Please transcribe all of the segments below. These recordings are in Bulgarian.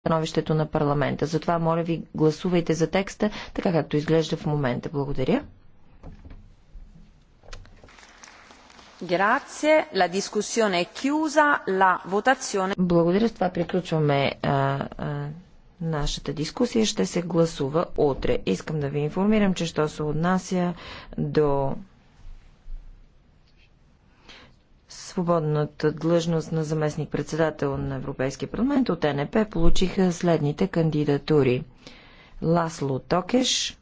становището на парламента. Затова, моля ви, гласувайте за текста, така както изглежда в момента. Благодаря. Grazie, la discussione è chiusa, la votazione... Благодаря, с това приключваме а, а, нашата дискусия. Ще се гласува утре. Искам да ви информирам, че що се отнася до свободната длъжност на заместник-председател на Европейския парламент от НП получиха следните кандидатури. Ласло Токеш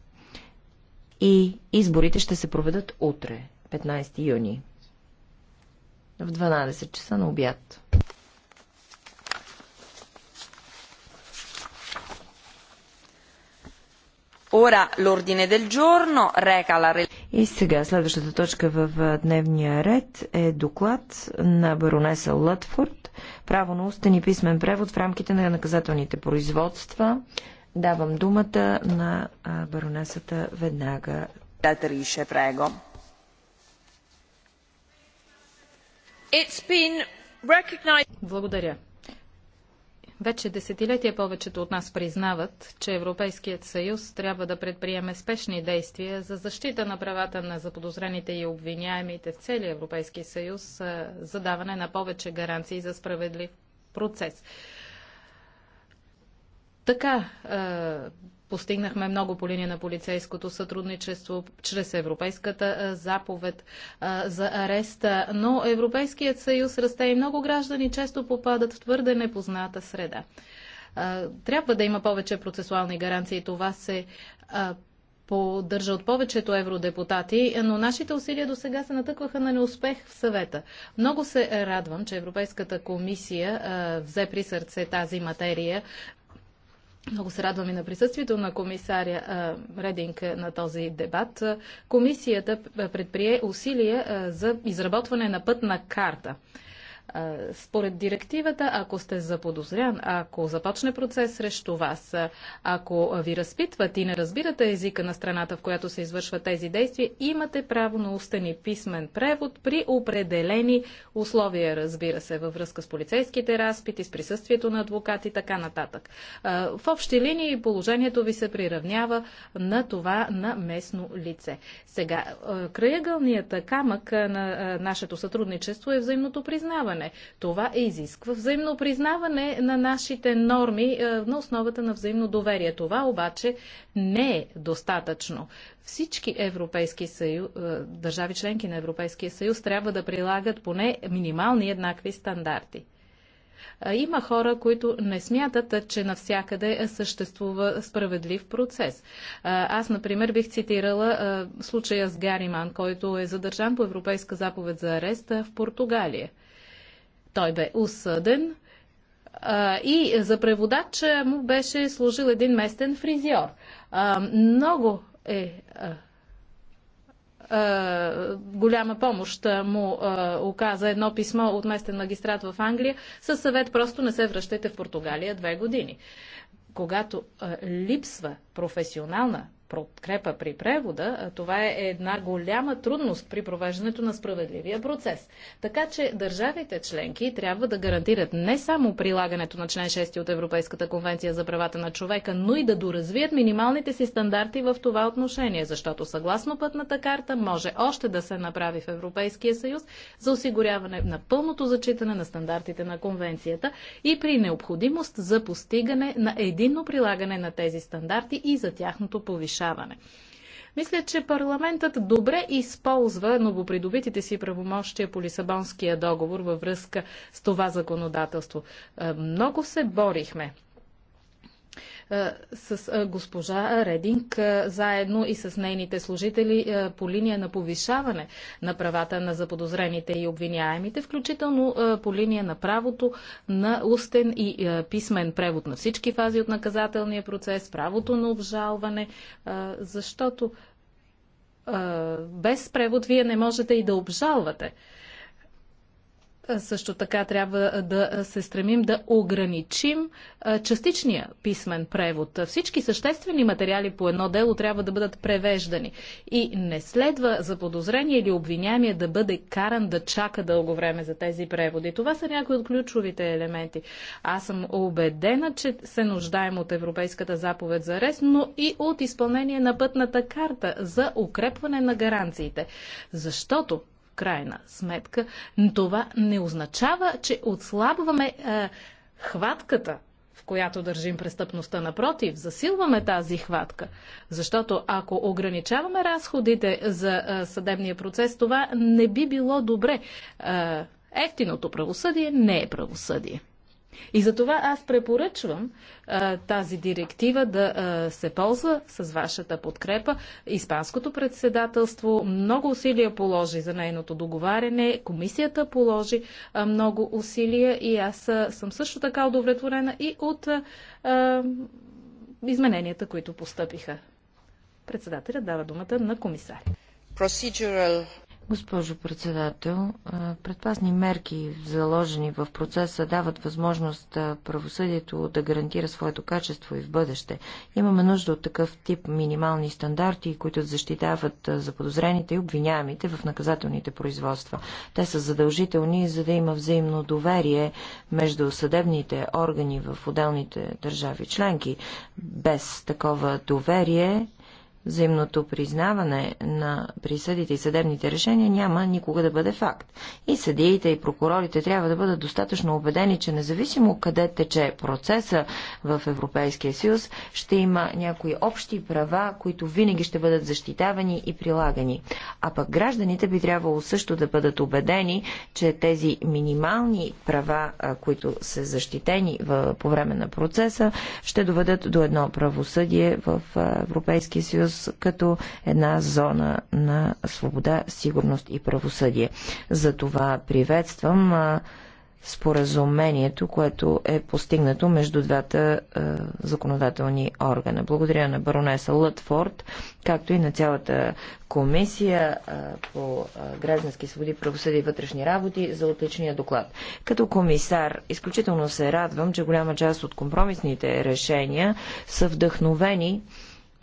и изборите ще се проведат утре, 15 юни, в 12 часа на обяд. И сега следващата точка в дневния ред е доклад на баронеса Лътфорд. Право на устен и писмен превод в рамките на наказателните производства. Давам думата на баронесата веднага. Татрише, прего. Благодаря. Вече десетилетия повечето от нас признават, че Европейският съюз трябва да предприеме спешни действия за защита на правата на заподозрените и обвиняемите в целия Европейски съюз, за даване на повече гаранции за справедлив процес. Така Постигнахме много по линия на полицейското сътрудничество чрез Европейската заповед за ареста, но Европейският съюз расте и много граждани често попадат в твърде непозната среда. Трябва да има повече процесуални гаранции. Това се поддържа от повечето евродепутати, но нашите усилия до сега се натъкваха на неуспех в съвета. Много се радвам, че Европейската комисия а, взе при сърце тази материя много се радвам и на присъствието на комисаря Рединг на този дебат. Комисията предприе усилия за изработване на пътна карта според директивата, ако сте заподозрян, ако започне процес срещу вас, ако ви разпитват и не разбирате езика на страната, в която се извършват тези действия, имате право на устен и писмен превод при определени условия, разбира се, във връзка с полицейските разпити, с присъствието на адвокат и така нататък. В общи линии положението ви се приравнява на това на местно лице. Сега, краягълният камък на нашето сътрудничество е взаимното признаване признаване. Това изисква взаимно признаване на нашите норми е, на основата на взаимно доверие. Това обаче не е достатъчно. Всички европейски съюз, е, държави членки на Европейския съюз трябва да прилагат поне минимални еднакви стандарти. Има хора, които не смятат, че навсякъде съществува справедлив процес. Аз, например, бих цитирала случая с Гариман, който е задържан по европейска заповед за арест в Португалия. Той бе осъден и за преводач му беше служил един местен фризьор. Много е голяма помощ му оказа едно писмо от местен магистрат в Англия със съвет просто не се връщайте в Португалия две години. Когато липсва професионална подкрепа при превода, това е една голяма трудност при провеждането на справедливия процес. Така че държавите членки трябва да гарантират не само прилагането на член 6 от Европейската конвенция за правата на човека, но и да доразвият минималните си стандарти в това отношение, защото съгласно пътната карта може още да се направи в Европейския съюз за осигуряване на пълното зачитане на стандартите на конвенцията и при необходимост за постигане на единно прилагане на тези стандарти и за тяхното повишение решаване. Мисля, че парламентът добре използва новопридобитите си правомощия по Лисабонския договор във връзка с това законодателство. Е, много се борихме с госпожа Рединг, заедно и с нейните служители по линия на повишаване на правата на заподозрените и обвиняемите, включително по линия на правото на устен и писмен превод на всички фази от наказателния процес, правото на обжалване, защото без превод вие не можете и да обжалвате също така трябва да се стремим да ограничим частичния писмен превод. Всички съществени материали по едно дело трябва да бъдат превеждани. И не следва за подозрение или обвиняние да бъде каран да чака дълго време за тези преводи. Това са някои от ключовите елементи. Аз съм убедена, че се нуждаем от Европейската заповед за арест, но и от изпълнение на пътната карта за укрепване на гаранциите. Защото крайна сметка, това не означава, че отслабваме е, хватката в която държим престъпността. Напротив, засилваме тази хватка. Защото ако ограничаваме разходите за е, съдебния процес, това не би било добре. Е, ефтиното правосъдие не е правосъдие. И за това аз препоръчвам а, тази директива да а, се ползва с вашата подкрепа. Испанското председателство много усилия положи за нейното договаряне, комисията положи а, много усилия и аз а, съм също така удовлетворена и от а, а, измененията, които постъпиха. Председателят дава думата на комисаря. Procedural Госпожо председател, предпазни мерки, заложени в процеса, дават възможност правосъдието да гарантира своето качество и в бъдеще. Имаме нужда от такъв тип минимални стандарти, които защитават заподозрените и обвиняемите в наказателните производства. Те са задължителни, за да има взаимно доверие между съдебните органи в отделните държави членки. Без такова доверие взаимното признаване на присъдите и съдебните решения няма никога да бъде факт. И съдиите и прокурорите трябва да бъдат достатъчно убедени, че независимо къде тече процеса в Европейския съюз, ще има някои общи права, които винаги ще бъдат защитавани и прилагани. А пък гражданите би трябвало също да бъдат убедени, че тези минимални права, които са защитени по време на процеса, ще доведат до едно правосъдие в Европейския съюз, като една зона на свобода, сигурност и правосъдие. Затова приветствам споразумението, което е постигнато между двата е, законодателни органа. Благодаря на баронеса Лътфорд, както и на цялата комисия е, по е, граждански свободи, правосъдие и вътрешни работи за отличния доклад. Като комисар, изключително се радвам, че голяма част от компромисните решения са вдъхновени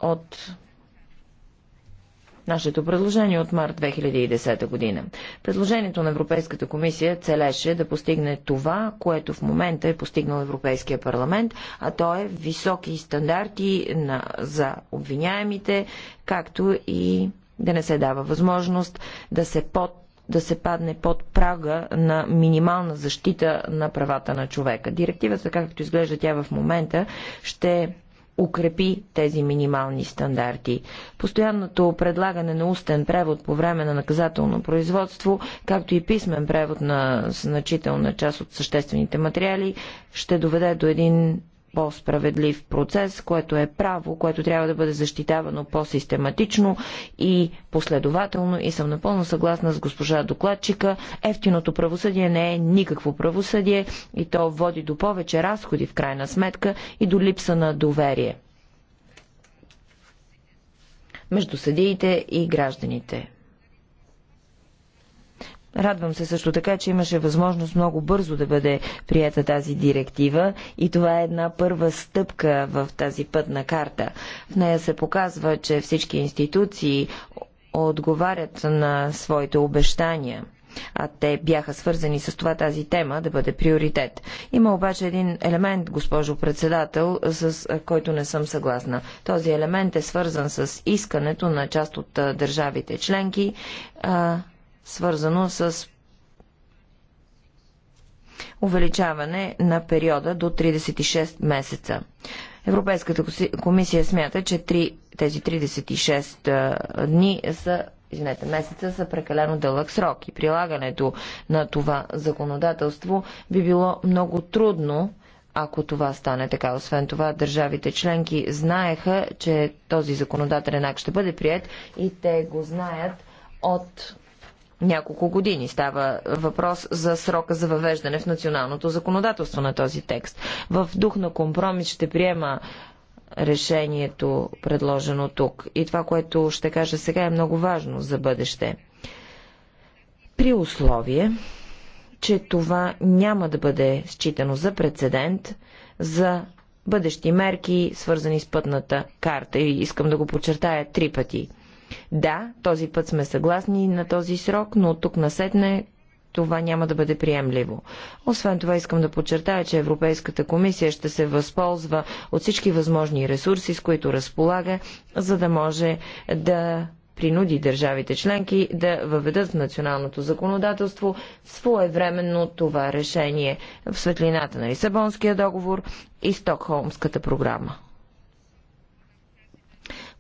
от нашето предложение е от март 2010 година. Предложението на Европейската комисия целеше да постигне това, което в момента е постигнал Европейския парламент, а то е високи стандарти на, за обвиняемите, както и да не се дава възможност да се под да се падне под прага на минимална защита на правата на човека. Директивата, както изглежда тя в момента, ще укрепи тези минимални стандарти. Постоянното предлагане на устен превод по време на наказателно производство, както и писмен превод на значителна част от съществените материали, ще доведе до един по-справедлив процес, което е право, което трябва да бъде защитавано по-систематично и последователно. И съм напълно съгласна с госпожа докладчика. Ефтиното правосъдие не е никакво правосъдие и то води до повече разходи в крайна сметка и до липса на доверие между съдиите и гражданите. Радвам се също така, че имаше възможност много бързо да бъде прията тази директива и това е една първа стъпка в тази пътна карта. В нея се показва, че всички институции отговарят на своите обещания а те бяха свързани с това тази тема да бъде приоритет. Има обаче един елемент, госпожо председател, с който не съм съгласна. Този елемент е свързан с искането на част от държавите членки свързано с увеличаване на периода до 36 месеца. Европейската комисия смята, че 3, тези 36 дни са извинете, месеца са прекалено дълъг срок и прилагането на това законодателство би било много трудно, ако това стане така. Освен това, държавите членки знаеха, че този законодателен акт ще бъде прият и те го знаят от няколко години. Става въпрос за срока за въвеждане в националното законодателство на този текст. В дух на компромис ще приема решението, предложено тук. И това, което ще кажа сега, е много важно за бъдеще. При условие, че това няма да бъде считано за прецедент за бъдещи мерки, свързани с пътната карта. И искам да го подчертая три пъти – да, този път сме съгласни на този срок, но от тук насетне това няма да бъде приемливо. Освен това искам да подчертая, че Европейската комисия ще се възползва от всички възможни ресурси, с които разполага, за да може да принуди държавите членки да въведат в националното законодателство своевременно това решение в светлината на Лисабонския договор и Стокхолмската програма.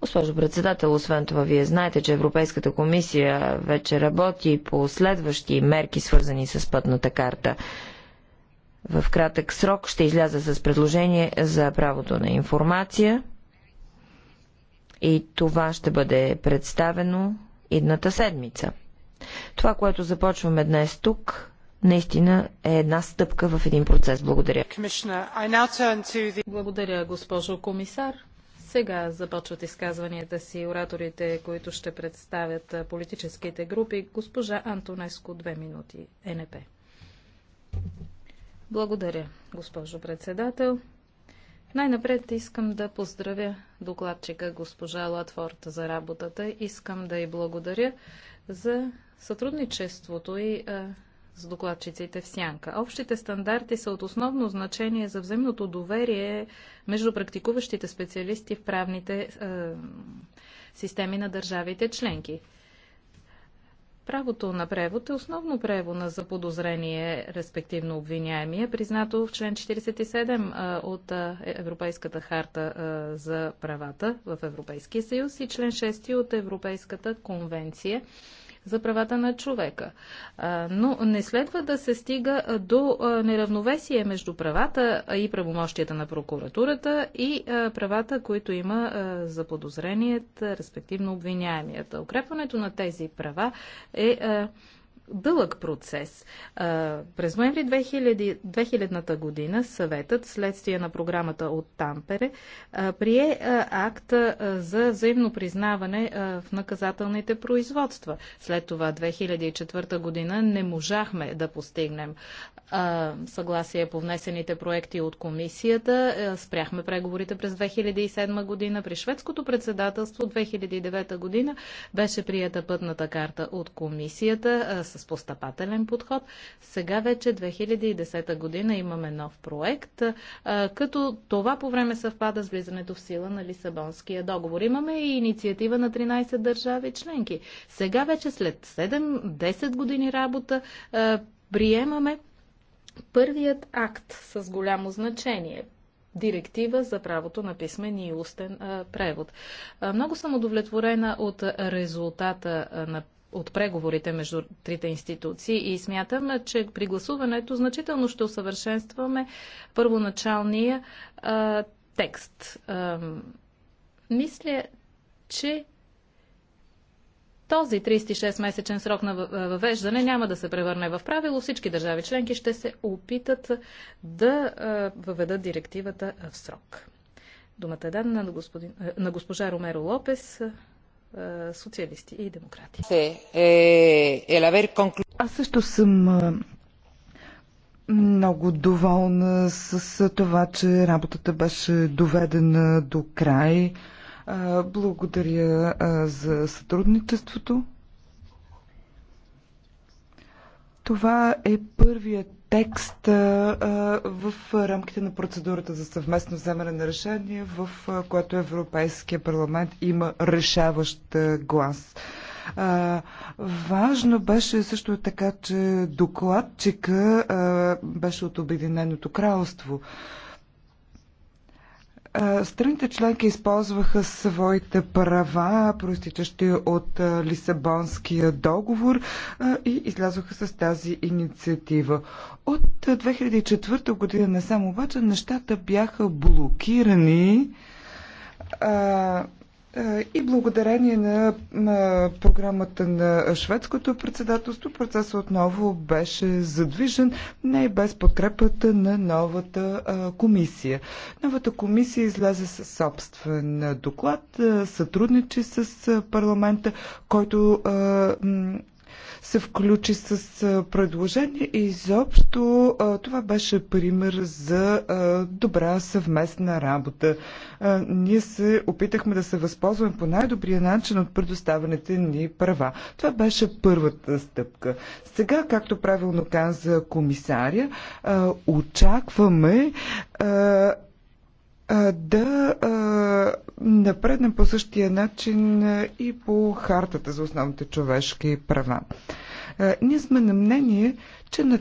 Госпожо председател, освен това, вие знаете, че Европейската комисия вече работи по следващи мерки, свързани с пътната карта. В кратък срок ще изляза с предложение за правото на информация и това ще бъде представено идната седмица. Това, което започваме днес тук, наистина е една стъпка в един процес. Благодаря. Благодаря, госпожо комисар. Сега започват изказванията си ораторите, които ще представят политическите групи. Госпожа Антонеско, две минути, НП. Благодаря, госпожо председател. Най-напред искам да поздравя докладчика госпожа Латфорд за работата. Искам да й благодаря за сътрудничеството и с докладчиците в сянка. Общите стандарти са от основно значение за взаимното доверие между практикуващите специалисти в правните е, системи на държавите членки. Правото на превод е основно право на заподозрение, респективно обвиняемия, признато в член 47 е, от е, Европейската харта е, за правата в Европейския съюз и член 6 от Европейската конвенция за правата на човека. Но не следва да се стига до неравновесие между правата и правомощията на прокуратурата и правата, които има за подозреният, респективно обвиняемият. Укрепването на тези права е дълъг процес. През ноември 2000, та година съветът, следствие на програмата от Тампере, прие акт за взаимно признаване в наказателните производства. След това 2004 година не можахме да постигнем съгласие по внесените проекти от комисията. Спряхме преговорите през 2007 година. При шведското председателство 2009 година беше прията пътната карта от комисията с с постъпателен подход. Сега вече 2010 година имаме нов проект, като това по време съвпада с влизането в сила на Лисабонския договор. Имаме и инициатива на 13 държави членки. Сега вече след 7-10 години работа приемаме първият акт с голямо значение директива за правото на писмен и устен а, превод. А, много съм удовлетворена от резултата а, на от преговорите между трите институции и смятам, че при гласуването значително ще усъвършенстваме първоначалния а, текст. А, мисля, че този 36-месечен срок на въвеждане няма да се превърне в правило. Всички държави членки ще се опитат да въведат директивата в срок. Думата е дадена на, господин, на госпожа Ромеро Лопес. Е, социалисти и демократи. Е, е, Аз също съм много доволна с това, че работата беше доведена до край. Благодаря за сътрудничеството. Това е първият текст в рамките на процедурата за съвместно вземане на решение, в което Европейския парламент има решаващ глас. А, важно беше също така, че докладчика а, беше от Обединеното кралство. Страните членки използваха своите права, проистичащи от Лисабонския договор и излязоха с тази инициатива. От 2004 година насам обаче нещата бяха блокирани е, и благодарение на, на програмата на шведското председателство процесът отново беше задвижен, не без подкрепата на новата а, е, комисия. Новата комисия излезе със собствен доклад, е, сътрудничи с парламента, който а, се включи с предложение и изобщо това беше пример за добра съвместна работа. Ние се опитахме да се възползваме по най-добрия начин от предоставените ни права. Това беше първата стъпка. Сега, както правилно каза комисаря, очакваме да напреднем по същия начин и по хартата за основните човешки права. Ние сме на мнение, че на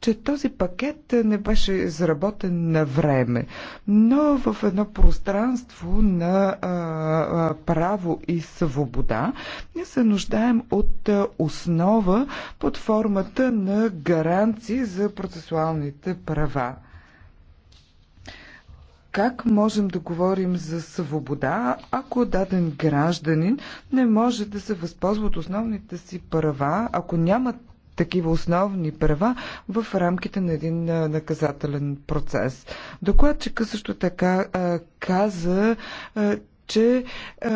че този пакет не беше изработен на време, но в едно пространство на а, а, право и свобода ние се нуждаем от а, основа под формата на гаранции за процесуалните права. Как можем да говорим за свобода, ако даден гражданин не може да се възползва от основните си права, ако няма такива основни права в рамките на един наказателен процес? Докладчика също така каза, че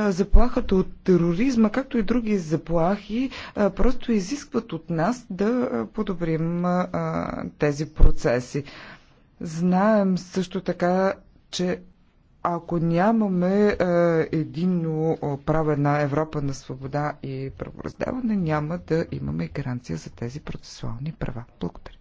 заплахата от тероризма, както и други заплахи, просто изискват от нас да подобрим тези процеси. Знаем също така, че ако нямаме е, единно е, право на Европа на свобода и правораздаване, няма да имаме гаранция за тези процесуални права. Благодаря.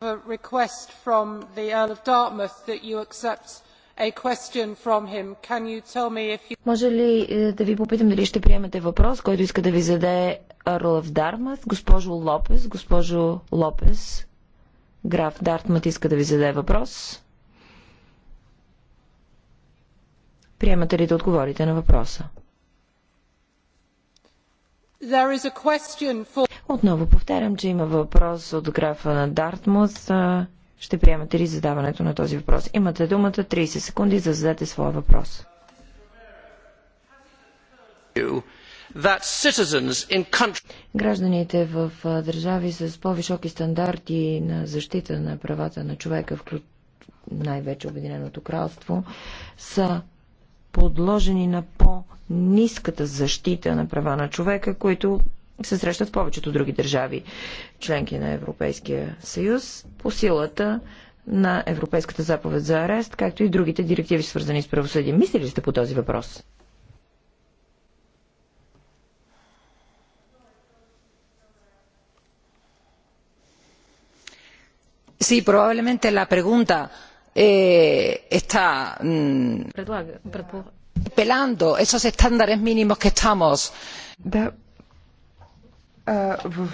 a request from the Earl of Dartmouth that you accept може ли е, да ви попитам дали ще приемете въпрос, който иска да ви зададе Орлов Дармат, госпожо Лопес, госпожо Лопес, граф Дартмат иска да ви зададе въпрос. Приемате ли да отговорите на въпроса? For... Отново повтарям, че има въпрос от графа на Дартмут ще приемате ли задаването на този въпрос? Имате думата 30 секунди за зададете своя въпрос. Гражданите в държави с по-високи стандарти на защита на правата на човека, най-вече Обединеното кралство, са подложени на по-низката защита на права на човека, които се срещат в повечето други държави, членки на Европейския съюз, по силата на Европейската заповед за арест, както и другите директиви, свързани с правосъдие. Мислили ли сте по този въпрос? Sí, probablemente la pregunta eh, está mm, pelando esos estándares mínimos que estamos. Да, а, в...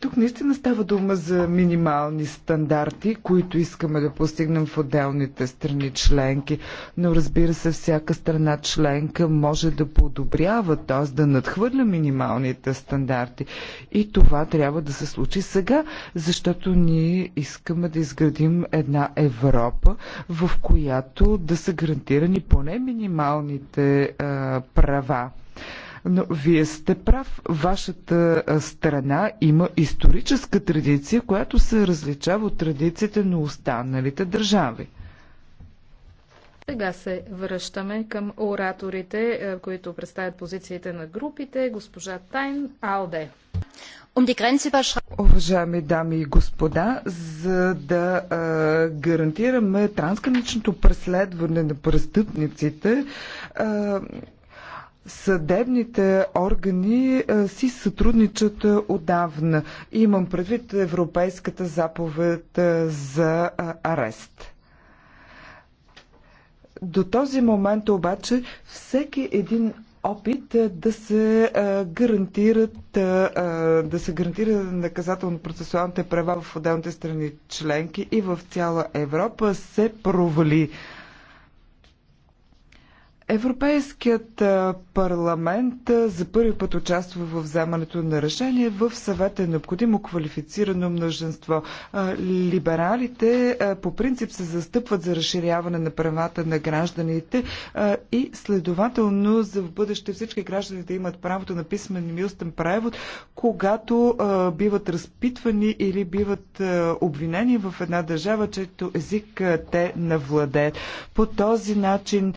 Тук наистина става дума за минимални стандарти, които искаме да постигнем в отделните страни членки, но разбира се, всяка страна членка може да подобрява, т.е. да надхвърля минималните стандарти. И това трябва да се случи сега, защото ние искаме да изградим една Европа, в която да са гарантирани поне минималните а, права. Но вие сте прав. Вашата страна има историческа традиция, която се различава от традициите на останалите държави. Сега се връщаме към ораторите, които представят позициите на групите. Госпожа Тайн Алде. Um Уважаеми дами и господа, за да а, гарантираме трансграничното преследване на престъпниците, а, съдебните органи е, си сътрудничат е, отдавна. Имам предвид Европейската заповед е, за арест. До този момент обаче всеки един опит да се гарантират да се гарантира наказателно-процесуалните права в отделните страни членки и в цяла Европа се провали. Европейският парламент за първи път участва в вземането на решение. В съвета е необходимо квалифицирано множество. Либералите по принцип се застъпват за разширяване на правата на гражданите и следователно за в бъдеще всички граждани да имат правото на писмен и устен превод, когато биват разпитвани или биват обвинени в една държава, чето език те навладеят. По този начин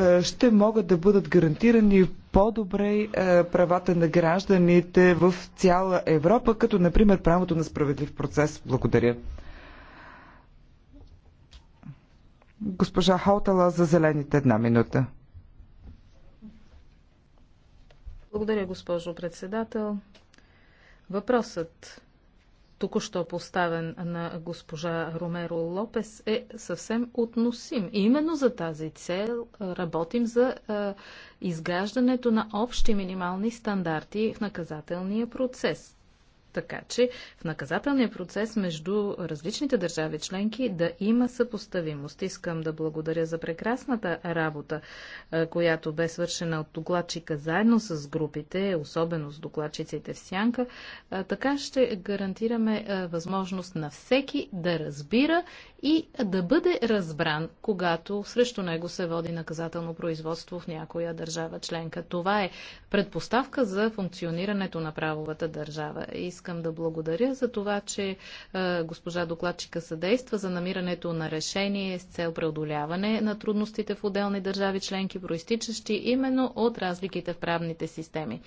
е, ще могат да бъдат гарантирани по-добре е, правата на гражданите в цяла Европа, като например правото на справедлив процес. Благодаря. Госпожа Хаутала за зелените една минута. Благодаря, госпожо председател. Въпросът току-що поставен на госпожа Ромеро Лопес, е съвсем относим. И именно за тази цел работим за изграждането на общи минимални стандарти в наказателния процес. Така че в наказателния процес между различните държави членки да има съпоставимост. Искам да благодаря за прекрасната работа, която бе свършена от докладчика заедно с групите, особено с докладчиците в Сянка. Така ще гарантираме възможност на всеки да разбира и да бъде разбран, когато срещу него се води наказателно производство в някоя държава членка. Това е предпоставка за функционирането на правовата държава. Искам да благодаря за това, че госпожа докладчика съдейства за намирането на решение с цел преодоляване на трудностите в отделни държави членки, проистичащи именно от разликите в правните системи.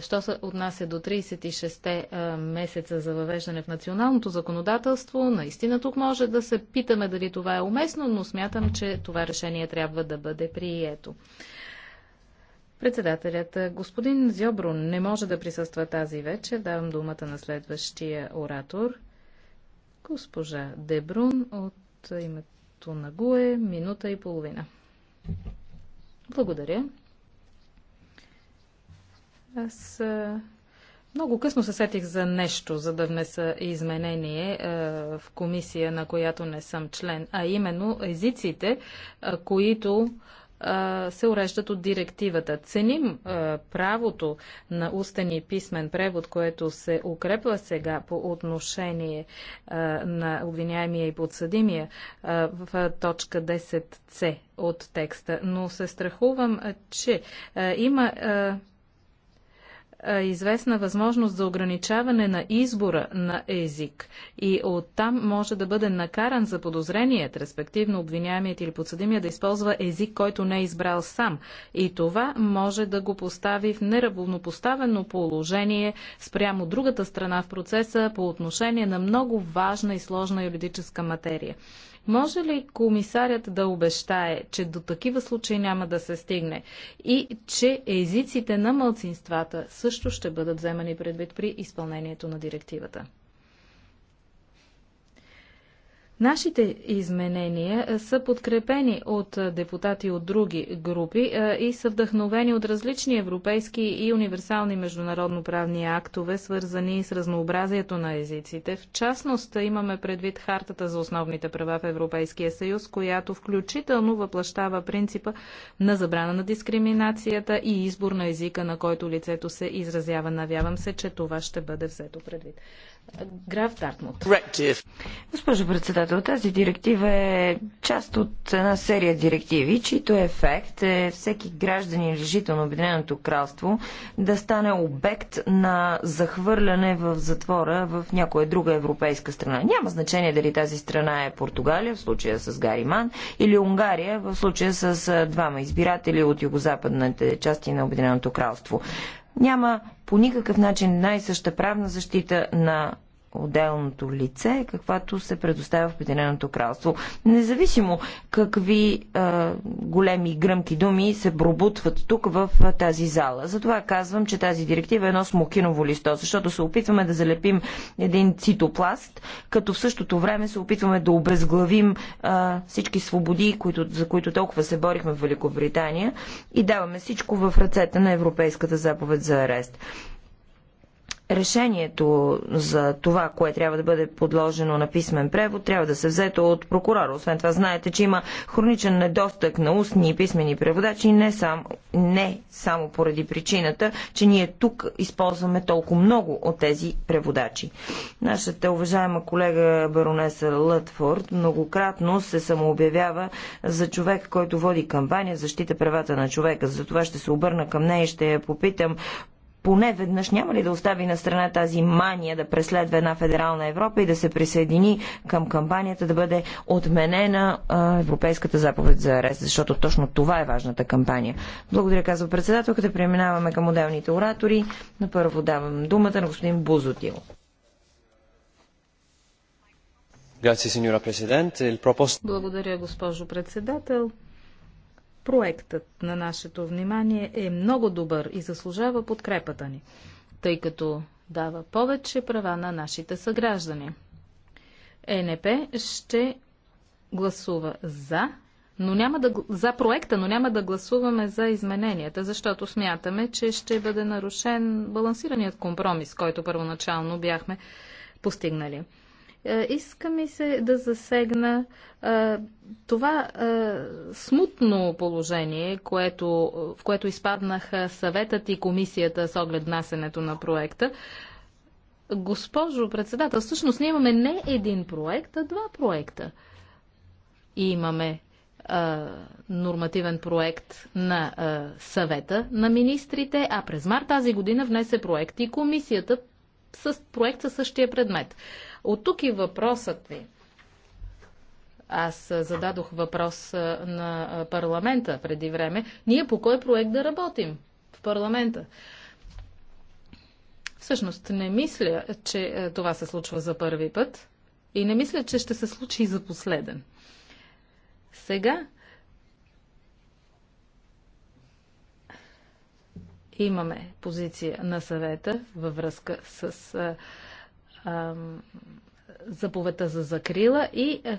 Що се отнася до 36 месеца за въвеждане в националното законодателство, наистина тук може да се питаме дали това е уместно, но смятам, че това решение трябва да бъде прието. Председателят господин Зьобро не може да присъства тази вечер. Давам думата на следващия оратор. Госпожа Дебрун от името на ГУЕ, минута и половина. Благодаря. Аз много късно се сетих за нещо, за да внеса изменение в комисия, на която не съм член, а именно езиците, които се уреждат от директивата. Ценим правото на устен и писмен превод, което се укрепва сега по отношение на обвиняемия и подсъдимия в точка 10c от текста, но се страхувам, че има е, известна възможност за ограничаване на избора на език и оттам може да бъде накаран за подозреният, респективно обвиняемият или подсъдимият да използва език, който не е избрал сам. И това може да го постави в неравнопоставено положение спрямо другата страна в процеса по отношение на много важна и сложна юридическа материя. Може ли комисарят да обещае, че до такива случаи няма да се стигне и че езиците на мълцинствата също ще бъдат вземани предвид при изпълнението на директивата? Нашите изменения са подкрепени от депутати от други групи и са вдъхновени от различни европейски и универсални международно-правни актове, свързани с разнообразието на езиците. В частност имаме предвид Хартата за основните права в Европейския съюз, която включително въплащава принципа на забрана на дискриминацията и избор на езика, на който лицето се изразява. Навявам се, че това ще бъде взето предвид. Граф Дартмут. Госпожо председател, председател. Тази директива е част от една серия директиви, чийто ефект е всеки гражданин, на Обединеното кралство, да стане обект на захвърляне в затвора в някоя друга европейска страна. Няма значение дали тази страна е Португалия, в случая с Гариман, или Унгария, в случая с двама избиратели от югозападните части на Обединеното кралство няма по никакъв начин най-съща правна защита на отделното лице, каквато се предоставя в Обединеното кралство. Независимо какви а, големи и гръмки думи се пробутват тук в а, тази зала. Затова казвам, че тази директива е едно смокиново листо, защото се опитваме да залепим един цитопласт, като в същото време се опитваме да обезглавим а, всички свободи, които, за които толкова се борихме в Великобритания и даваме всичко в ръцете на Европейската заповед за арест решението за това, кое трябва да бъде подложено на писмен превод, трябва да се взето от прокурора. Освен това, знаете, че има хроничен недостъг на устни и писмени преводачи, не, сам, не само поради причината, че ние тук използваме толкова много от тези преводачи. Нашата уважаема колега баронеса Лътфорд многократно се самообявява за човек, който води кампания защита правата на човека. За това ще се обърна към нея и ще я попитам поне веднъж няма ли да остави на страна тази мания да преследва една федерална Европа и да се присъедини към кампанията да бъде отменена а, Европейската заповед за арест, защото точно това е важната кампания. Благодаря, казва председателката. Преминаваме към отделните оратори. На първо давам думата на господин Бузотил. Благодаря, госпожо председател. Проектът на нашето внимание е много добър и заслужава подкрепата ни, тъй като дава повече права на нашите съграждани. ЕНП ще гласува за, но няма да, за проекта, но няма да гласуваме за измененията, защото смятаме, че ще бъде нарушен балансираният компромис, който първоначално бяхме постигнали. Е, иска ми се да засегна е, това е, смутно положение, което, в което изпаднаха съветът и комисията с оглед насенето на проекта. Госпожо председател, всъщност ние имаме не един проект, а два проекта. И имаме а, нормативен проект на а, съвета на министрите, а през март тази година внесе проект и комисията с проект със същия предмет. От тук и въпросът ви. Аз зададох въпрос на парламента преди време. Ние по кой проект да работим в парламента? Всъщност не мисля, че това се случва за първи път и не мисля, че ще се случи и за последен. Сега имаме позиция на съвета във връзка с заповедта за закрила и е,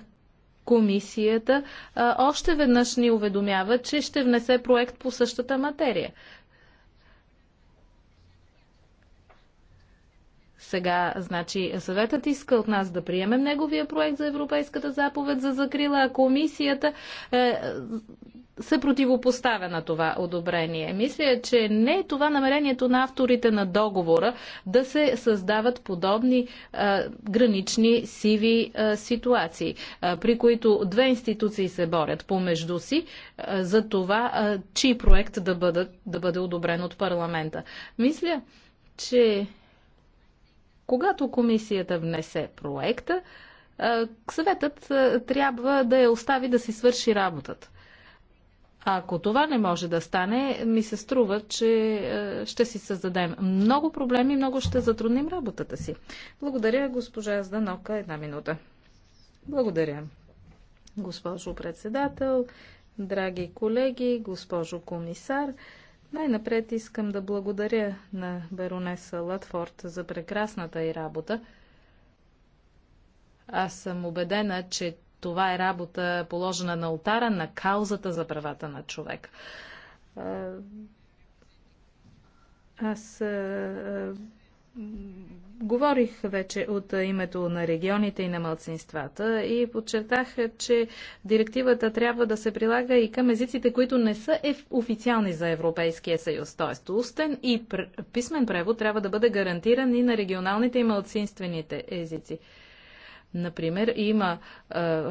комисията още веднъж ни уведомява, че ще внесе проект по същата материя. Сега, значи, съветът иска от нас да приемем неговия проект за Европейската заповед за закрила, а комисията е, се противопоставя на това одобрение. Мисля, че не е това намерението на авторите на договора да се създават подобни е, гранични сиви е, ситуации, е, при които две институции се борят помежду си е, за това, е, чий проект да, бъдат, да бъде одобрен от парламента. Мисля, че когато комисията внесе проекта, съветът трябва да я остави да си свърши работата. ако това не може да стане, ми се струва, че ще си създадем много проблеми, много ще затрудним работата си. Благодаря, госпожа Зданока. Една минута. Благодаря, госпожо председател, драги колеги, госпожо комисар. Най-напред искам да благодаря на Беронеса Латфорд за прекрасната й работа. Аз съм убедена, че това е работа положена на алтара на каузата за правата на човек. Аз Говорих вече от името на регионите и на малцинствата и подчертах, че директивата трябва да се прилага и към езиците, които не са официални за Европейския съюз. Т.е. устен и писмен превод трябва да бъде гарантиран и на регионалните и малцинствените езици. Например, има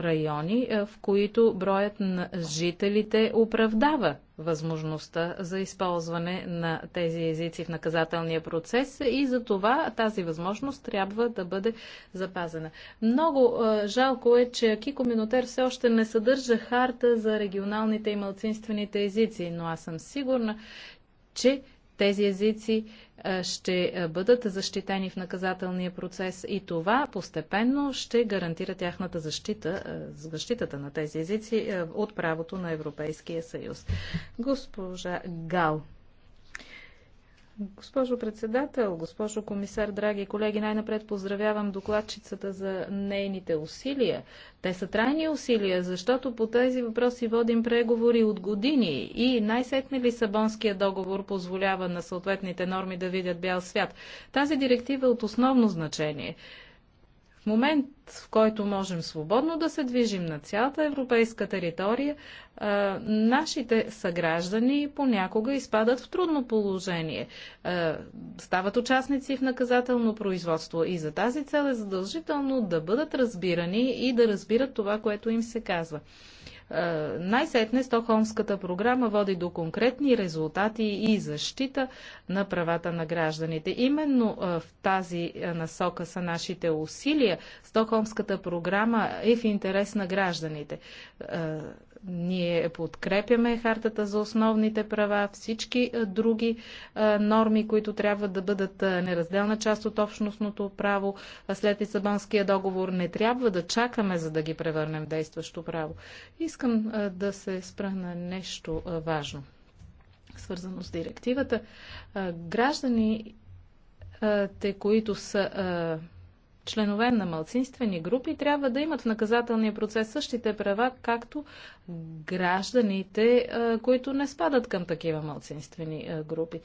райони, в които броят на жителите оправдава възможността за използване на тези езици в наказателния процес и за това тази възможност трябва да бъде запазена. Много жалко е, че Кико Минотер все още не съдържа харта за регионалните и малцинствените езици, но аз съм сигурна, че тези езици ще бъдат защитени в наказателния процес и това постепенно ще гарантира тяхната защита, защитата на тези езици от правото на Европейския съюз. Госпожа Гал Госпожо председател, госпожо комисар, драги колеги, най-напред поздравявам докладчицата за нейните усилия. Те са трайни усилия, защото по тези въпроси водим преговори от години и най-сетне Лисабонския договор позволява на съответните норми да видят бял свят. Тази директива е от основно значение момент, в който можем свободно да се движим на цялата европейска територия, нашите съграждани понякога изпадат в трудно положение. стават участници в наказателно производство и за тази цел е задължително да бъдат разбирани и да разбират това, което им се казва. Е, най-сетне Стокхолмската програма води до конкретни резултати и защита на правата на гражданите. Именно е, в тази е, насока са нашите усилия. Стокхолмската програма е в интерес на гражданите. Ние подкрепяме хартата за основните права, всички други норми, които трябва да бъдат неразделна част от общностното право след Лисабонския договор. Не трябва да чакаме, за да ги превърнем в действащо право. Искам да се спра на нещо важно, свързано с директивата. Граждани те, които са членове на малцинствени групи трябва да имат в наказателния процес същите права, както гражданите, е, които не спадат към такива малцинствени е, групи.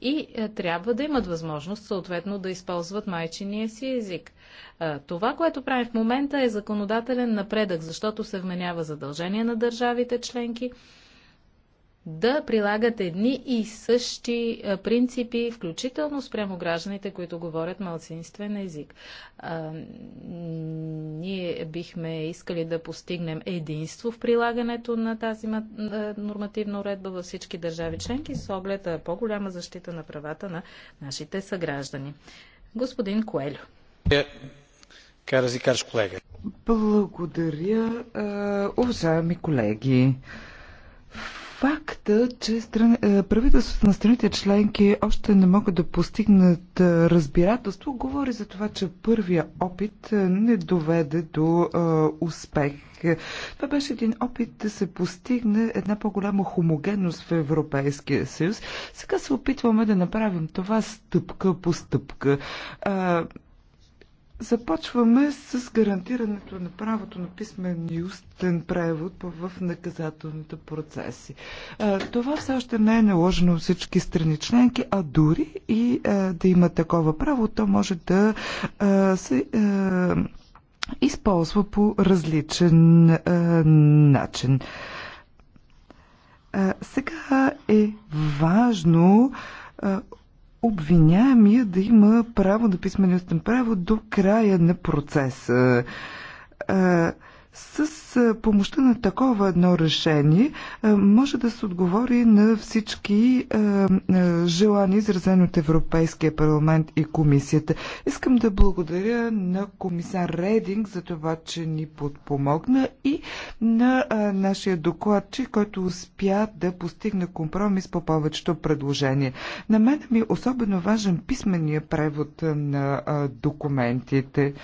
И е, трябва да имат възможност съответно да използват майчиния си език. Това, което правим в момента е законодателен напредък, защото се вменява задължение на държавите членки да прилагат едни и същи принципи, включително спрямо гражданите, които говорят малцинствен език. А, ние бихме искали да постигнем единство в прилагането на тази нормативна уредба във всички държави членки с оглед по-голяма защита на правата на нашите съграждани. Господин Коелю. Е, Карази, колега. Благодаря, е, уважаеми колеги факта, че стран... Е, правителството на страните членки още не могат да постигнат е, разбирателство, говори за това, че първия опит е, не доведе до а, успех. Това беше един опит да се постигне една по-голяма хомогенност в Европейския съюз. Сега се опитваме да направим това стъпка по стъпка. А, Започваме с гарантирането на правото на писмен и устен превод в наказателните процеси. Това все още не е наложено от всички страни членки, а дори и да има такова право, то може да се използва по различен начин. Сега е важно обвиняемия да има право на писмен право до края на процеса. А, с помощта на такова едно решение може да се отговори на всички желания, изразени от Европейския парламент и комисията. Искам да благодаря на комисар Рединг за това, че ни подпомогна и на нашия докладчик, който успя да постигне компромис по повечето предложения. На мен ми е особено важен писменият превод на документите.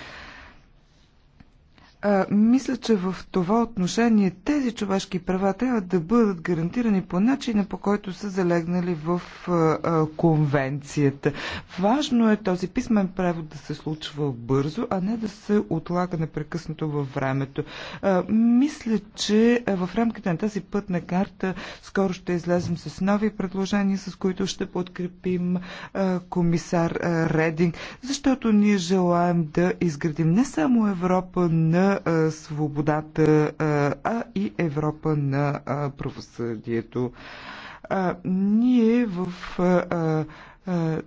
А, мисля, че в това отношение тези човешки права трябва да бъдат гарантирани по начина, по който са залегнали в а, а, конвенцията. Важно е този писмен превод да се случва бързо, а не да се отлага непрекъснато във времето. А, мисля, че в рамките на тази пътна карта скоро ще излезем с нови предложения, с които ще подкрепим а, комисар а, Рединг, защото ние желаем да изградим не само Европа на свободата, а и Европа на правосъдието. Ние в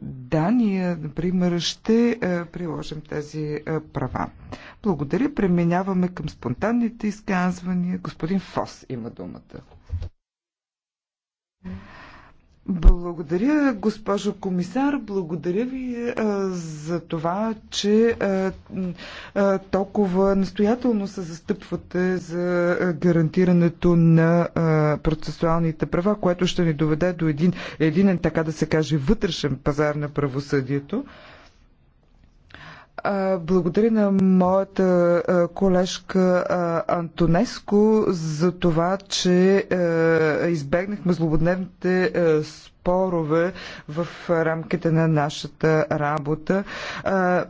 Дания, например, ще приложим тези права. Благодаря. Преминаваме към спонтанните изказвания. Господин Фос има думата. Благодаря, госпожо комисар. Благодаря ви а, е, за това, че а, е, а, е, толкова настоятелно се застъпвате за гарантирането на а, процесуалните права, което ще ни доведе до един един, така да се каже, вътрешен пазар на правосъдието. Благодаря на моята колежка Антонеско за това, че избегнахме злободневните спорове спорове в рамките на нашата работа.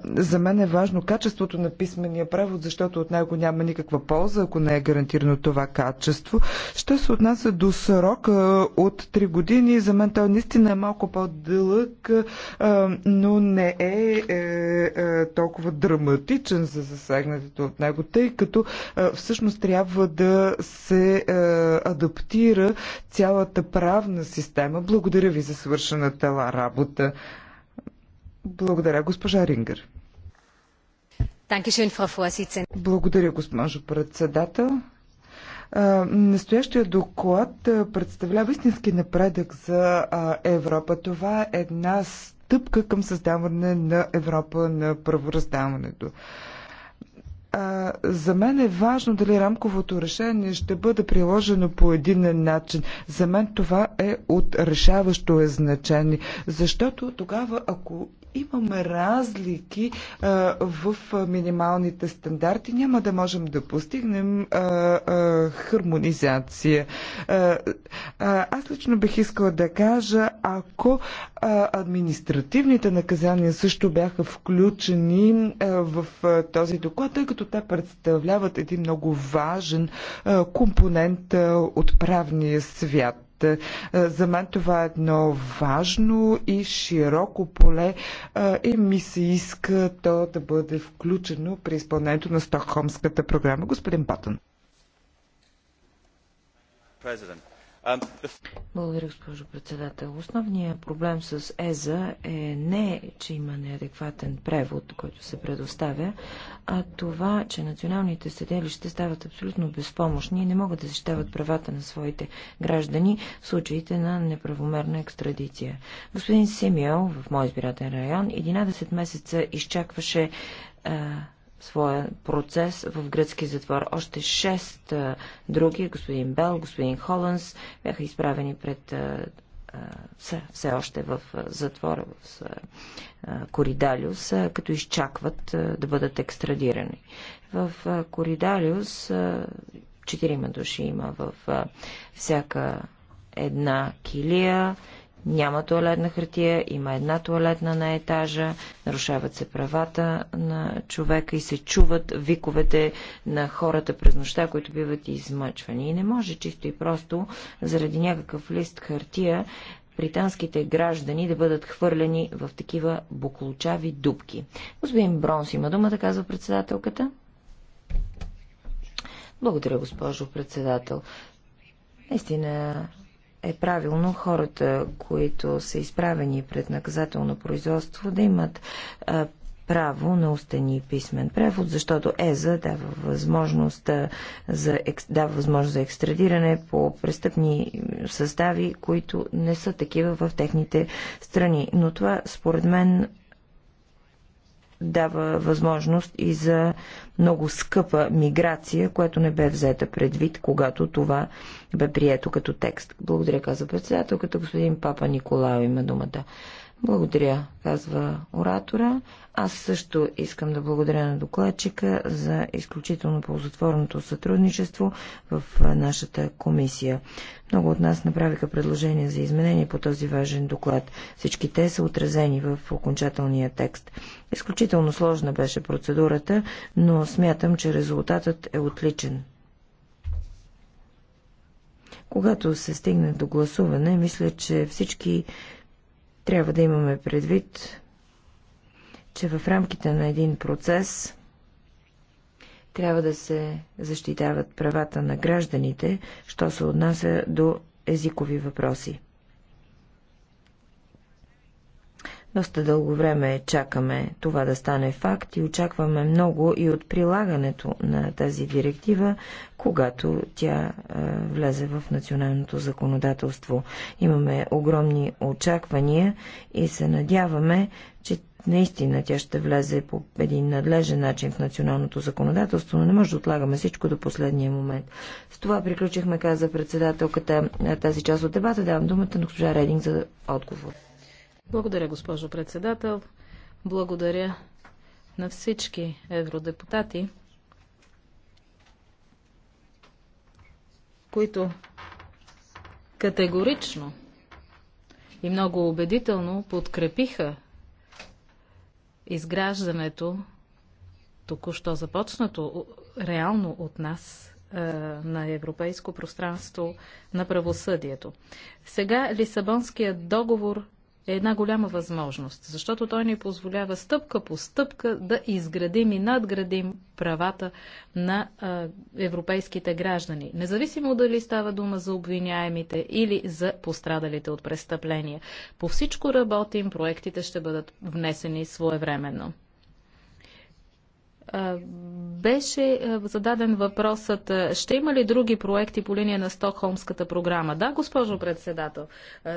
За мен е важно качеството на писмения превод, защото от него няма никаква полза, ако не е гарантирано това качество. Ще се отнася до срока от 3 години. За мен той наистина е малко по-дълъг, но не е, е, е, толкова драматичен за засегнатите от него, тъй като всъщност трябва да се адаптира цялата правна система. Благодаря благодаря ви за свършената работа. Благодаря, госпожа Рингер. Благодаря, госпожо председател. Настоящия доклад представлява истински напредък за Европа. Това е една стъпка към създаване на Европа на правораздаването а, за мен е важно дали рамковото решение ще бъде приложено по един начин. За мен това е от решаващо е значение, защото тогава, ако имаме разлики в минималните стандарти, няма да можем да постигнем хармонизация. Аз лично бих искала да кажа, ако административните наказания също бяха включени в този доклад, тъй като те представляват един много важен компонент от правния свят миграцията. Е, за мен това е едно важно и широко поле е, и ми се иска то да бъде включено при изпълнението на Стокхолмската програма. Господин Батън. President. Um, Благодаря, госпожо председател. Основният проблем с ЕЗА е не, че има неадекватен превод, който се предоставя, а това, че националните съделища стават абсолютно безпомощни и не могат да защитават правата на своите граждани в случаите на неправомерна екстрадиция. Господин Симео в мой избирателен район 11 месеца изчакваше своя процес в гръцки затвор. Още шест а, други, господин Бел, господин Холанс, бяха изправени пред а, са все още в затвора в Коридалиус, като изчакват да бъдат екстрадирани. В Коридалиус четирима души има в всяка една килия няма туалетна хартия, има една туалетна на етажа, нарушават се правата на човека и се чуват виковете на хората през нощта, които биват измъчвани. И не може чисто и просто заради някакъв лист хартия британските граждани да бъдат хвърлени в такива буклучави дубки. Господин Бронс има думата, казва председателката. Благодаря, госпожо председател. Наистина, е правилно хората, които са изправени пред наказателно производство, да имат а, право на устени писмен превод, защото ЕЗА дава възможност за, дава възможност за екстрадиране по престъпни състави, които не са такива в техните страни. Но това, според мен, дава възможност и за много скъпа миграция, която не бе взета предвид, когато това бе прието като текст. Благодаря, каза председателката. Господин Папа Николао има думата. Благодаря, казва оратора. Аз също искам да благодаря на докладчика за изключително ползотворното сътрудничество в нашата комисия. Много от нас направиха предложения за изменение по този важен доклад. Всички те са отразени в окончателния текст. Изключително сложна беше процедурата, но смятам, че резултатът е отличен. Когато се стигне до гласуване, мисля, че всички трябва да имаме предвид, че в рамките на един процес трябва да се защитават правата на гражданите, що се отнася до езикови въпроси. Доста дълго време чакаме това да стане факт и очакваме много и от прилагането на тази директива, когато тя е, влезе в националното законодателство. Имаме огромни очаквания и се надяваме, че наистина тя ще влезе по един надлежен начин в националното законодателство, но не може да отлагаме всичко до последния момент. С това приключихме, каза председателката, тази част от дебата. Давам думата на госпожа Рединг за отговор. Благодаря, госпожо председател. Благодаря на всички евродепутати, които категорично и много убедително подкрепиха изграждането току-що започнато реално от нас е, на европейско пространство на правосъдието. Сега Лисабонският договор е една голяма възможност, защото той ни позволява стъпка по стъпка да изградим и надградим правата на а, европейските граждани, независимо дали става дума за обвиняемите или за пострадалите от престъпления. По всичко работим, проектите ще бъдат внесени своевременно беше зададен въпросът, ще има ли други проекти по линия на Стокхолмската програма? Да, госпожо председател.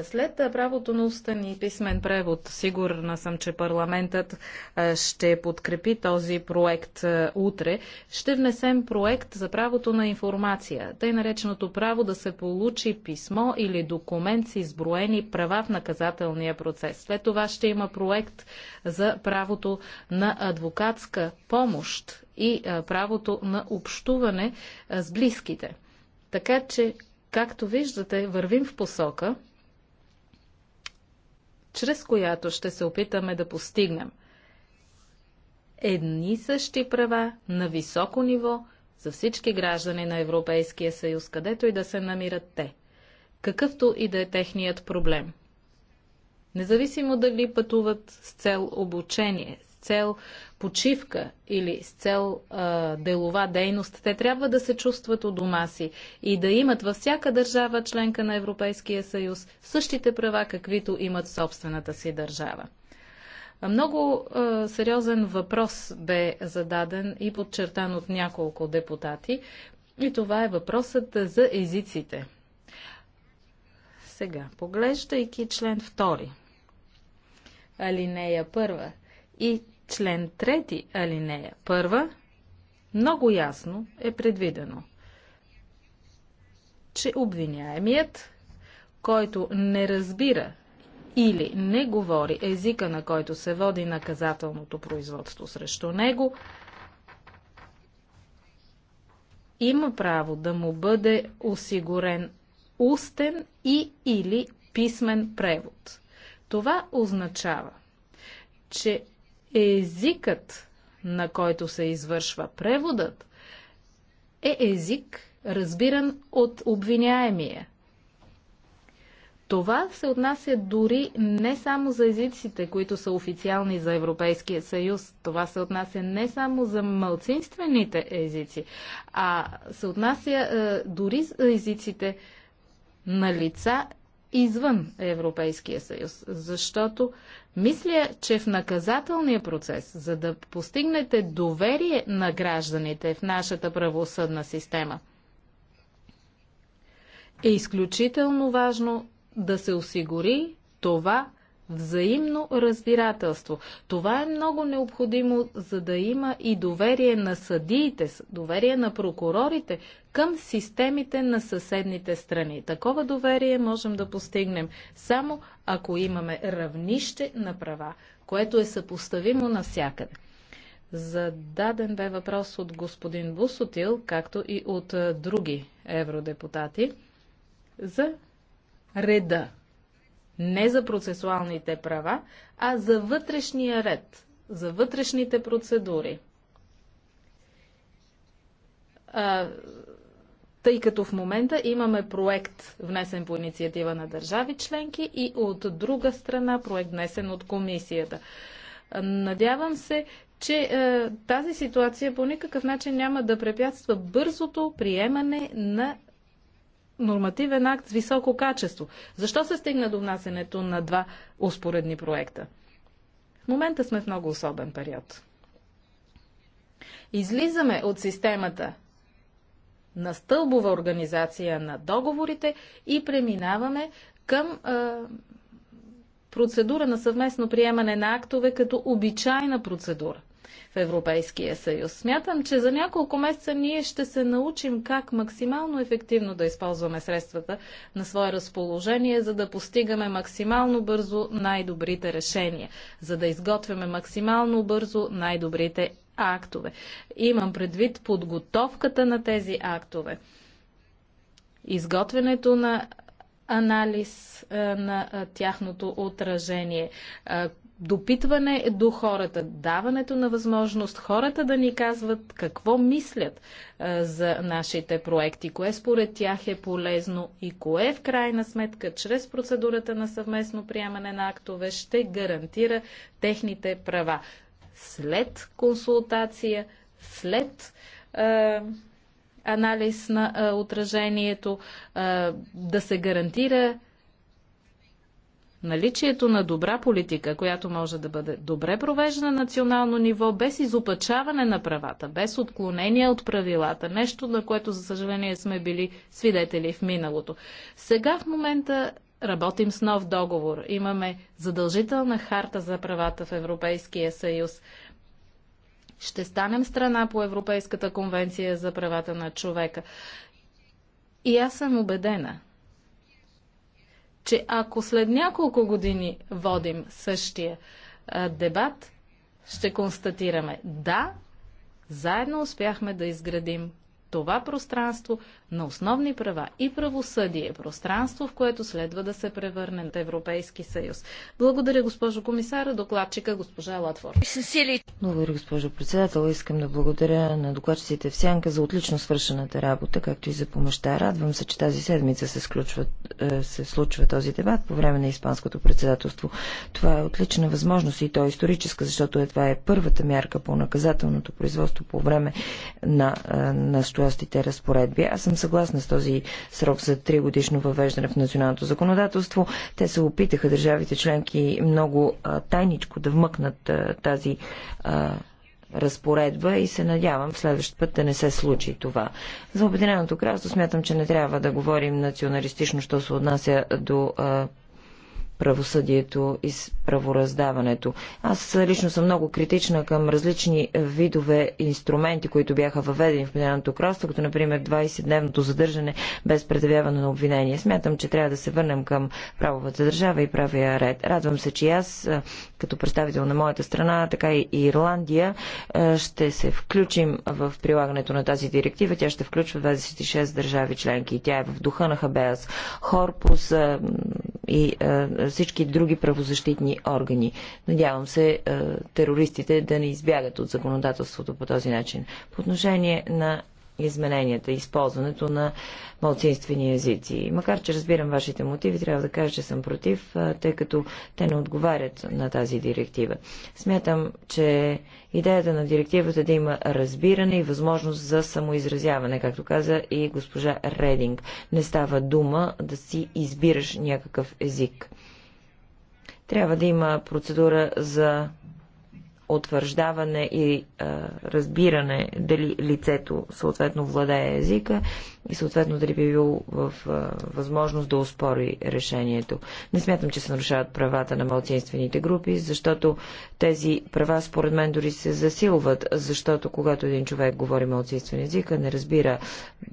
След правото на устен и писмен превод, сигурна съм, че парламентът ще подкрепи този проект утре. Ще внесем проект за правото на информация, тъй нареченото право да се получи писмо или документ с изброени права в наказателния процес. След това ще има проект за правото на адвокатска помощ помощ и правото на общуване с близките. Така че, както виждате, вървим в посока, чрез която ще се опитаме да постигнем едни същи права на високо ниво за всички граждани на Европейския съюз, където и да се намират те, какъвто и да е техният проблем. Независимо дали пътуват с цел обучение, цел почивка или с цел а, делова дейност, те трябва да се чувстват у дома си и да имат във всяка държава, членка на Европейския съюз, същите права, каквито имат в собствената си държава. Много а, сериозен въпрос бе зададен и подчертан от няколко депутати. И това е въпросът за езиците. Сега, поглеждайки член 2, алинея 1 и член 3, алинея 1, много ясно е предвидено, че обвиняемият, който не разбира или не говори езика, на който се води наказателното производство срещу него, има право да му бъде осигурен устен и или писмен превод. Това означава, че езикът, на който се извършва преводът, е език, разбиран от обвиняемия. Това се отнася дори не само за езиците, които са официални за Европейския съюз. Това се отнася не само за малцинствените езици, а се отнася е, дори за езиците на лица, извън Европейския съюз, защото мисля, че в наказателния процес, за да постигнете доверие на гражданите в нашата правосъдна система, е изключително важно да се осигури това взаимно разбирателство. Това е много необходимо, за да има и доверие на съдиите, доверие на прокурорите към системите на съседните страни. Такова доверие можем да постигнем само ако имаме равнище на права, което е съпоставимо навсякъде. Зададен бе въпрос от господин Бусотил, както и от други евродепутати, за реда не за процесуалните права, а за вътрешния ред, за вътрешните процедури. А, тъй като в момента имаме проект, внесен по инициатива на държави членки и от друга страна проект, внесен от комисията. Надявам се, че е, тази ситуация по никакъв начин няма да препятства бързото приемане на нормативен акт с високо качество. Защо се стигна до внасенето на два успоредни проекта? В момента сме в много особен период. Излизаме от системата на стълбова организация на договорите и преминаваме към а, процедура на съвместно приемане на актове като обичайна процедура в Европейския съюз. Смятам, че за няколко месеца ние ще се научим как максимално ефективно да използваме средствата на свое разположение, за да постигаме максимално бързо най-добрите решения, за да изготвяме максимално бързо най-добрите актове. Имам предвид подготовката на тези актове. Изготвянето на анализ е, на е, тяхното отражение, е, допитване е до хората, даването на възможност хората да ни казват какво мислят а, за нашите проекти, кое според тях е полезно и кое в крайна сметка чрез процедурата на съвместно приемане на актове ще гарантира техните права. След консултация, след а, анализ на а, отражението, да се гарантира Наличието на добра политика, която може да бъде добре провеждана на национално ниво, без изопачаване на правата, без отклонение от правилата, нещо на което, за съжаление, сме били свидетели в миналото. Сега в момента работим с нов договор. Имаме задължителна харта за правата в Европейския съюз. Ще станем страна по Европейската конвенция за правата на човека. И аз съм убедена, че ако след няколко години водим същия а, дебат, ще констатираме да, заедно успяхме да изградим това пространство на основни права и правосъдие, пространство, в което следва да се превърне в Европейски съюз. Благодаря, госпожо комисара, докладчика госпожа Латвор. Благодаря, госпожо председател. Искам да благодаря на докладчиците в Сянка за отлично свършената работа, както и за помощта. Радвам се, че тази седмица се, сключва, е, се случва този дебат по време на Испанското председателство. Това е отлична възможност и то е историческа, защото е, това е първата мярка по наказателното производство по време на, е, на съществуващите разпоредби. Аз съм съгласна с този срок за 3 годишно въвеждане в националното законодателство. Те се опитаха държавите членки много а, тайничко да вмъкнат а, тази а, разпоредба и се надявам в следващ път да не се случи това. За Обединеното кралство смятам, че не трябва да говорим националистично, що се отнася до а, правосъдието и правораздаването. Аз лично съм много критична към различни видове инструменти, които бяха въведени в Обединеното кралство, като например 20-дневното задържане без предявяване на обвинение. Смятам, че трябва да се върнем към правовата държава и правия ред. Радвам се, че и аз, като представител на моята страна, така и Ирландия, ще се включим в прилагането на тази директива. Тя ще включва 26 държави членки и тя е в духа на Хабеас Хорпус, и всички други правозащитни органи. Надявам се терористите да не избягат от законодателството по този начин. По отношение на измененията, използването на малцинствени езици. Макар, че разбирам вашите мотиви, трябва да кажа, че съм против, тъй като те не отговарят на тази директива. Смятам, че идеята на директивата е да има разбиране и възможност за самоизразяване, както каза и госпожа Рединг. Не става дума да си избираш някакъв език. Трябва да има процедура за утвърждаване и а, разбиране дали лицето съответно владее езика и съответно дали би бил в а, възможност да успори решението. Не смятам, че се нарушават правата на малцинствените групи, защото тези права според мен дори се засилват, защото когато един човек говори малцинствен език, не разбира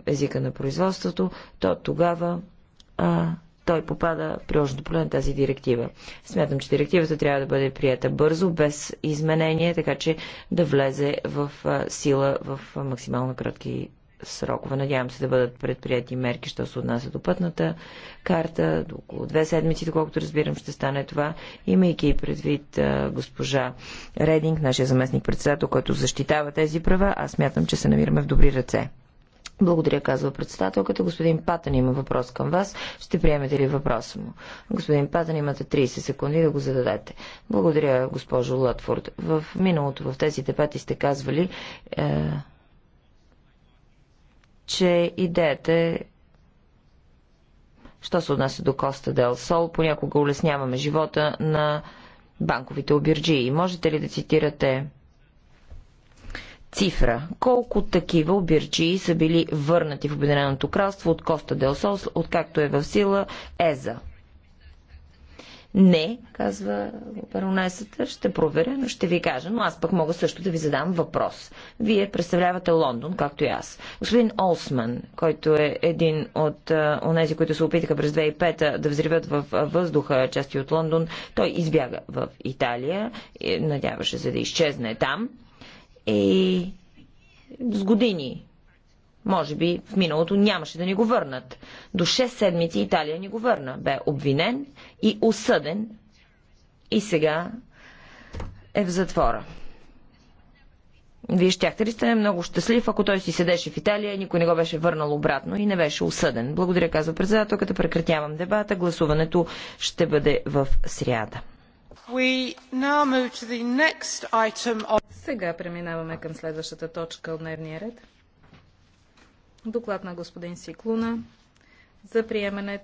езика на производството, то тогава а, той попада при още поле на тази директива. Смятам, че директивата трябва да бъде прията бързо, без изменение, така че да влезе в сила в максимално кратки срокове. Надявам се да бъдат предприяти мерки, що се отнася до пътната карта. До около две седмици, доколкото разбирам, ще стане това, имайки предвид госпожа Рединг, нашия заместник председател, който защитава тези права. Аз смятам, че се намираме в добри ръце. Благодаря, казва председателката. Господин Патън има въпрос към вас. Ще приемете ли въпроса му? Господин Патън, имате 30 секунди да го зададете. Благодаря, госпожо Лътфорд. В миналото в тези дебати сте казвали, е, че идеята е Що се отнася до Коста Дел Сол, понякога улесняваме живота на банковите обирджии. Можете ли да цитирате цифра. Колко такива обирчии са били върнати в Обединеното кралство от Коста Дел Сос, откакто е в сила ЕЗА? Не, казва баронесата, ще проверя, но ще ви кажа. Но аз пък мога също да ви задам въпрос. Вие представлявате Лондон, както и аз. Господин Олсман, който е един от онези, които се опитаха през 2005 та да взривят в въздуха части от Лондон, той избяга в Италия, надяваше се да изчезне там и е с години. Може би в миналото нямаше да ни го върнат. До 6 седмици Италия ни го върна. Бе обвинен и осъден и сега е в затвора. Вие щяхте ли сте много щастлив, ако той си седеше в Италия и никой не го беше върнал обратно и не беше осъден? Благодаря, казва председателката. Прекратявам дебата. Гласуването ще бъде в сряда. Сега преминаваме към следващата точка от дневния ред. Доклад на господин Сиклуна за приемането